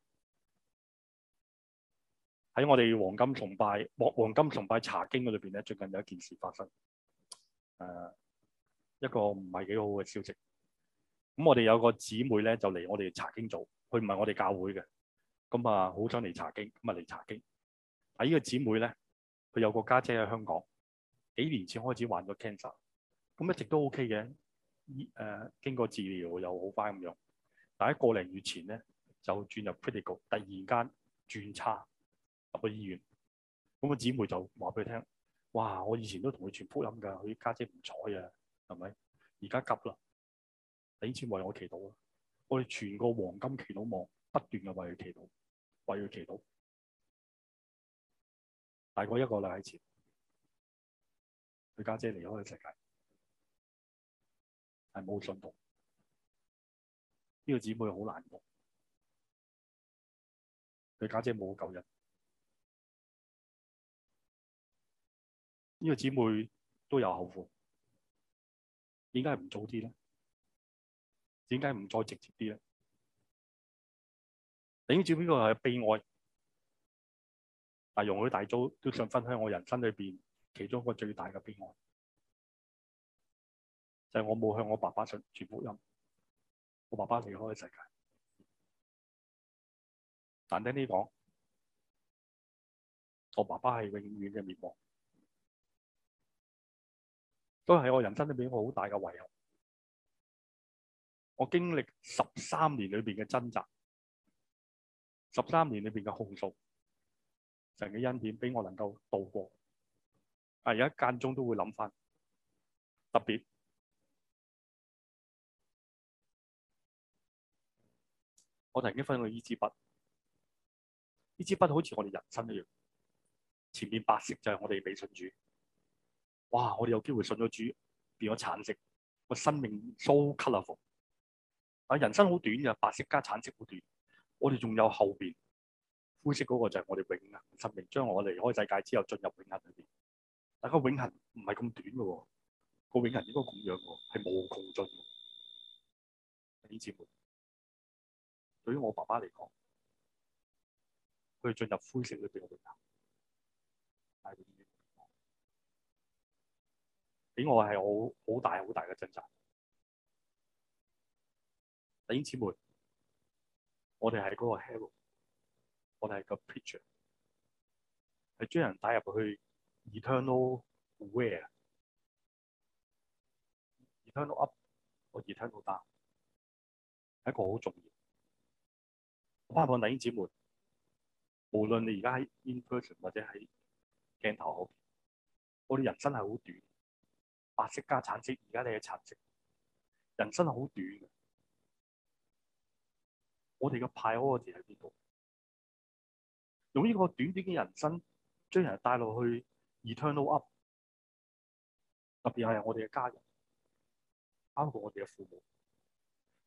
喺我哋黃金崇拜黃黃金崇拜茶經嗰裏咧，最近有一件事發生，誒、呃、一個唔係幾好嘅消息。咁我哋有個姊妹咧就嚟我哋茶經組，佢唔係我哋教會嘅，咁啊好想嚟茶經，咁啊嚟茶經。喺、啊這個、呢個姊妹咧，佢有個家姐喺香港，幾年前開始患咗 cancer，咁一直都 OK 嘅，依、呃、誒經過治療又好快咁樣，但喺一個零月前咧就轉入 pretty 局，突然間轉差。入去醫院，咁、那個姊妹就話俾佢聽，哇！我以前都同佢傳福音噶，佢家姐唔睬啊，係咪？而家急啦，你先為我祈禱啦！我哋全個黃金祈禱網不斷嘅為佢祈禱，為佢祈禱。大概一個禮拜前，佢家姐離開世界，係冇信道，呢、這個姊妹好難過，佢家姐冇救人。呢個姊妹都有後悔，點解唔早啲咧？點解唔再直接啲咧？頂住呢個係悲哀，但係容許大組都想分享我人生裏邊其中一個最大嘅悲哀，就係我冇向我爸爸傳傳福音，我爸爸離開世界。但聽你講，我爸爸係永遠嘅滅亡。都係我人生裏邊一個好大嘅遺憾。我經歷十三年裏邊嘅掙扎，十三年裏邊嘅控訴，神嘅恩典俾我能夠度過。但而家間中都會諗翻，特別我突然間分享呢支筆，呢支筆好似我哋人生一樣，前面白色就係我哋未信主。哇！我哋有機會信咗主，變咗橙色，個生命 so colorful 啊，人生好短嘅，白色加橙色好短。我哋仲有後面，灰色嗰個就係我哋永恆，生命將我離開世界之後進入永恆裏面。但個永恆唔係咁短嘅喎，個永恆應該咁樣喎，係無窮盡。呢節目對於我爸爸嚟講，佢進入灰色嗰面嘅永恆。給我係好好大好大嘅掙扎，弟兄姐妹，我哋係嗰個 herald，我哋係個 picture，係將人帶入去 eternal where，eternal up，我 eternal down，係一個好重要。盼望弟兄姐妹，無論你而家喺 in person 或者喺鏡頭，我哋人生係好短。白色加橙色，而家你嘅橙色，人生好短嘅。我哋嘅派開字喺邊度？用呢個短短嘅人生，將人帶落去 eternal up，特別係我哋嘅家人，包括我哋嘅父母。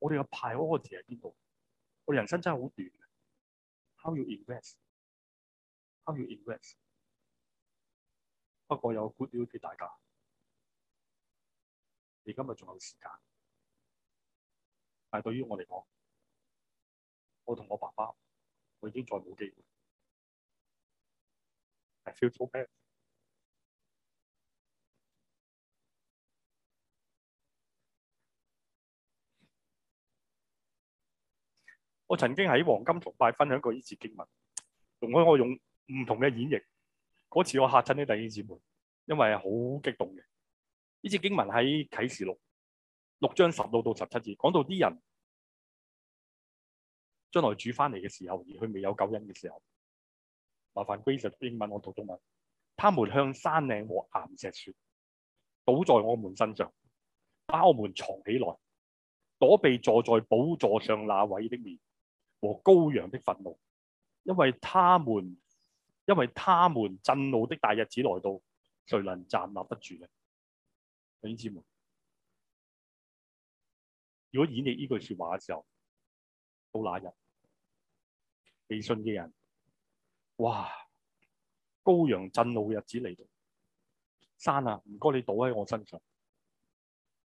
我哋嘅派開字喺邊度？我人生真係好短嘅。How you invest？How you invest？不過有 good news 俾大家。你今日仲有時間，但係對於我嚟講，我同我爸爸，我已經再冇機會。I feel so bad。我曾經喺黃金崇拜分享過呢節經文，同埋我用唔同嘅演繹。嗰次我嚇親啲弟兄姊妹，因為好激動嘅。呢次經文喺啟示錄六章十六到十七節，講到啲人將來主翻嚟嘅時候，而佢未有救恩嘅時候，麻煩 Grace 讀英文，我讀中文。他們向山嶺和岩石說：倒在我們身上，把我們藏起來，躲避坐在寶座上那位的面和羔羊的憤怒，因為他們因為他們震怒的大日子來到，誰能站立得住呢？你知冇？如果演繹呢句說話嘅時候，到那日，未信嘅人，哇！高陽震怒嘅日子嚟到，山啊，唔該你倒喺我身上，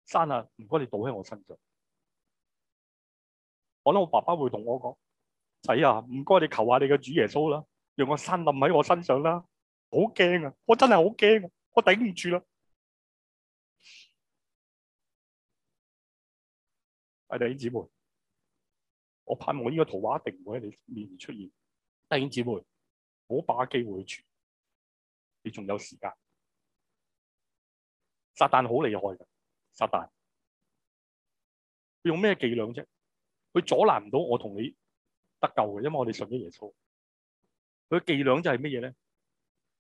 山啊，唔該你倒喺我身上。可能我爸爸會同我講：「仔啊，唔該你求下你嘅主耶穌啦，讓個山冧喺我身上啦。好驚啊！我真係好驚啊，我頂唔住啦。弟兄姊妹，我盼望呢個圖畫一定會喺你面前出現。弟兄姊妹，我把握機會去傳，你仲有時間。撒旦好厲害嘅，撒旦用咩伎倆啫？佢阻攔唔到我同你得救嘅，因為我哋信咗耶穌。佢嘅伎倆就係乜嘢咧？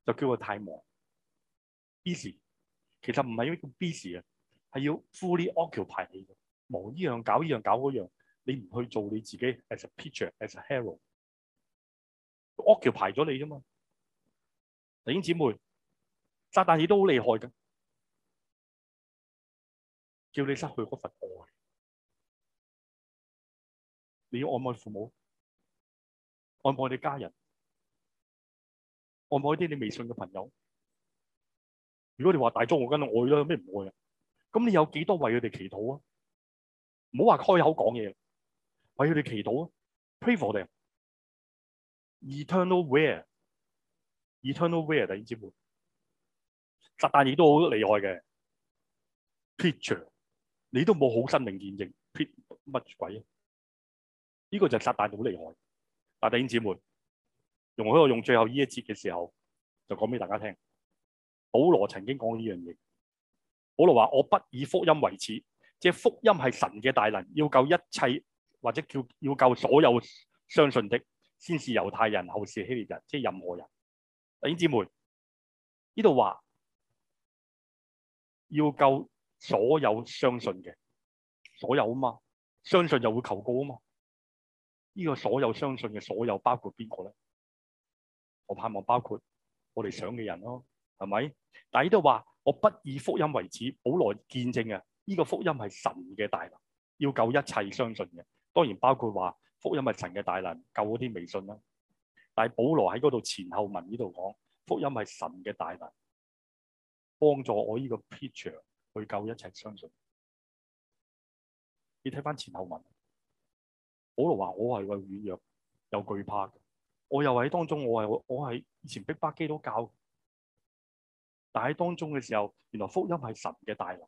就叫佢太忙，busy。其實唔係因為叫 busy 啊，係要 fully occupy 你忙呢樣，搞呢樣搞嗰樣，你唔去做你自己 as a picture as a hero，都 occupy 咗你啫嘛。弟兄姊妹，撒但氣都好厲害噶，叫你失去嗰份愛。你要愛唔愛父母，愛唔愛你的家人，愛唔愛啲你微信嘅朋友？如果你話大中我梗係愛咗，有咩唔愛啊？咁你有幾多為佢哋祈禱啊？唔好話開口講嘢，為佢哋祈禱啊！Pray for them. Eternal wear, eternal wear，弟兄姊妹。撒但亦都好厲害嘅。Picture，你都冇好生命見證，picture 乜鬼？呢個就係撒但好厲害。阿弟兄姊妹，容許我用最後呢一節嘅時候，就講俾大家聽。保羅曾經講呢樣嘢。保羅話：我不以福音為恥。即福音係神嘅大能，要救一切或者叫要救所有相信的，先是猶太人，後是希利人，即係任何人。弟兄姊妹，呢度話要救所有相信嘅所有啊嘛，相信就會求告啊嘛。呢、這個所有相信嘅所有，包括邊個咧？我盼望包括我哋想嘅人咯，係咪？但呢度話，我不以福音為主，好耐見證嘅。呢、這個福音係神嘅大能，要救一切相信嘅，當然包括話福音係神嘅大能救嗰啲未信啦。但係保羅喺嗰度前後文呢度講，福音係神嘅大能，幫助我呢個 picture 去救一切相信。你睇翻前後文，保羅話我係個軟弱又懼怕，我又喺當中，我係我係以前逼巴基督教，但喺當中嘅時候，原來福音係神嘅大能。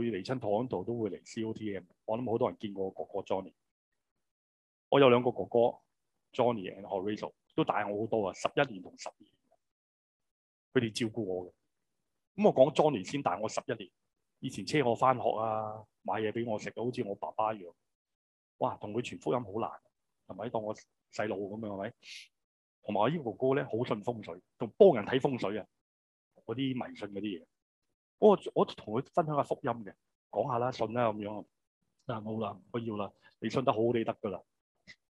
去嚟親堂度都會嚟 COTM，我諗好多人見過哥哥 Johnny，我有兩個哥哥 Johnny and Horatio 都大我好多啊，十一年同十二年，佢哋照顧我嘅。咁我講 Johnny 先大我十一年，以前車我返學啊，買嘢俾我食啊，好似我爸爸一樣。哇，同佢傳福音好難，同埋當我細路咁樣係咪？同埋我呢個哥哥咧好信風水，仲幫人睇風水啊，嗰啲迷信嗰啲嘢。我我同佢分享下福音嘅，講下啦，信啦咁樣。嗱冇啦，唔要啦，你信得好你得噶啦。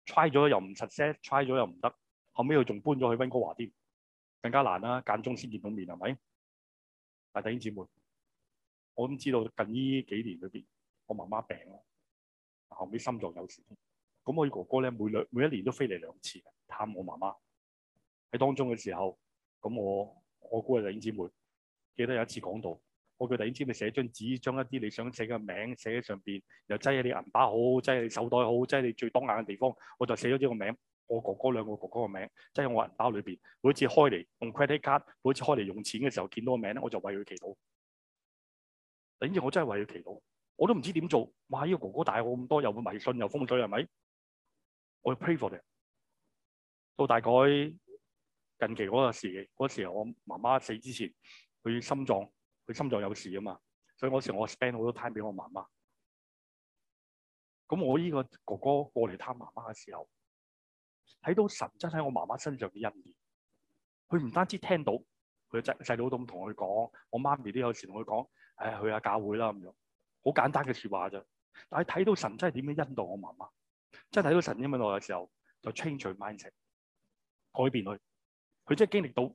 try、嗯、咗又唔實聲，try 咗又唔得。後尾佢仲搬咗去溫哥華添，更加難啦。間中先見到面係咪？啊弟兄姊妹，我都知道近呢幾年裏邊，我媽媽病啦，後尾心臟有事。咁我哥哥咧每兩每一年都飛嚟兩次探我媽媽。喺當中嘅時候，咁我我估啊弟兄姊妹記得有一次講到。我佢突然之間咪寫張紙，將一啲你想寫嘅名寫喺上邊，又擠喺你銀包好，擠喺你手袋好，擠喺你最當眼嘅地方。我就寫咗呢個名，我哥哥兩個哥哥嘅名，擠喺我銀包裏邊。每次開嚟用 credit card，每次開嚟用錢嘅時候見到個名咧，我就為佢祈禱。甚至我真係為佢祈禱，我都唔知點做。哇！依、呢個哥哥大我咁多，又迷信又風水，係咪？我要 pray for 佢。到大概近期嗰陣時期，嗰時我媽媽死之前，佢心臟。心臟有事啊嘛，所以嗰時我 spend 好多 time 俾我媽媽。咁我依個哥哥過嚟探媽媽嘅時候，睇到神真喺我媽媽身上嘅恩典。佢唔單止聽到佢仔細佬都咁同佢講，我媽咪都有時同佢講，唉、哎，去下、啊、教會啦咁樣，好簡單嘅說話啫。但係睇到神真係點樣恩待我媽媽，即係睇到神恩待我嘅時候，就 change mindset，改變佢。佢真係經歷到，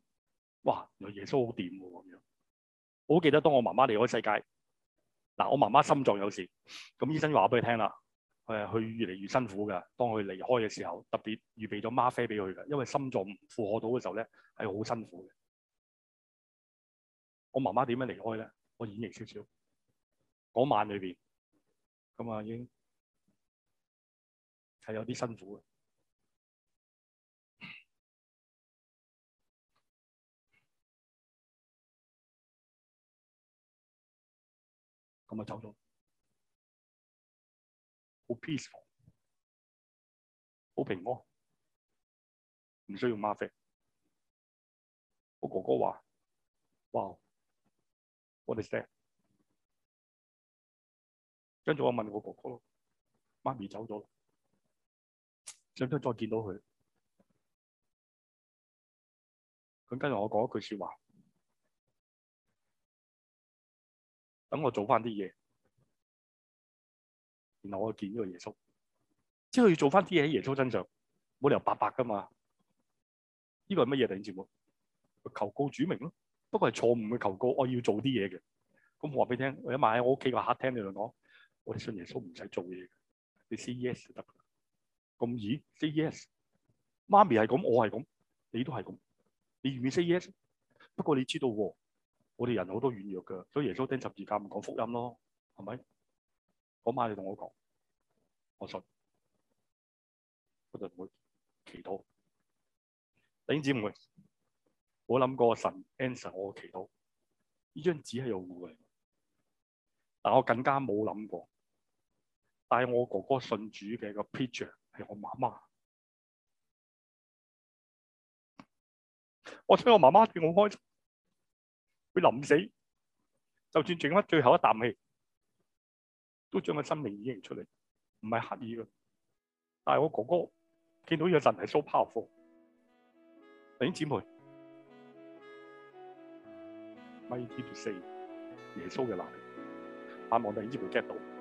哇，原來耶穌好掂喎咁樣。好記得當我媽媽離開世界，嗱，我媽媽心臟有事，咁醫生話俾佢聽啦，誒佢越嚟越辛苦嘅。當佢離開嘅時候，特別預備咗嗎啡俾佢嘅，因為心臟唔負荷到嘅時候咧係好辛苦嘅。我媽媽點樣離開咧？我演繹少少，嗰晚裏邊咁啊，已經係有啲辛苦嘅。咁咪走咗，好 peaceful，好平安，唔需要嗎啡。我哥哥話：哇，what is that？跟住我問我哥哥：媽咪走咗，想唔想再見到佢？咁跟住我講一句説話。等我做翻啲嘢，然後我見到耶穌，即係要做翻啲嘢喺耶穌身上，冇理由白白噶嘛。呢、這個係乜嘢突然節目？求告主名，咯，不過係錯誤嘅求告。我要做啲嘢嘅。咁我話俾你聽，我一晚喺我屋企個客廳度講，我哋信耶穌唔使做嘢嘅，你 say yes 就得。咁咦？say yes。媽咪係咁，我係咁，你都係咁。你願唔願意 say yes？不過你知道喎、哦。我哋人好多軟弱㗎。所以耶穌釘十字架唔講福音咯，係咪？嗰晚你同我講，我信，我就唔會祈禱。弟子唔妹，我諗過神 answer 我祈禱，呢張紙係有嘅，但我更加冇諗過。但係我哥哥信主嘅個 picture 係我媽媽，我睇我媽媽叫我開佢臨死，就算剩翻最後一啖氣，都將個心靈展現出嚟，唔係刻意嘅。但係我哥哥見到有神係 so powerful 弟兄姊妹，米字第四耶穌嘅能力，阿望弟依邊 get 到。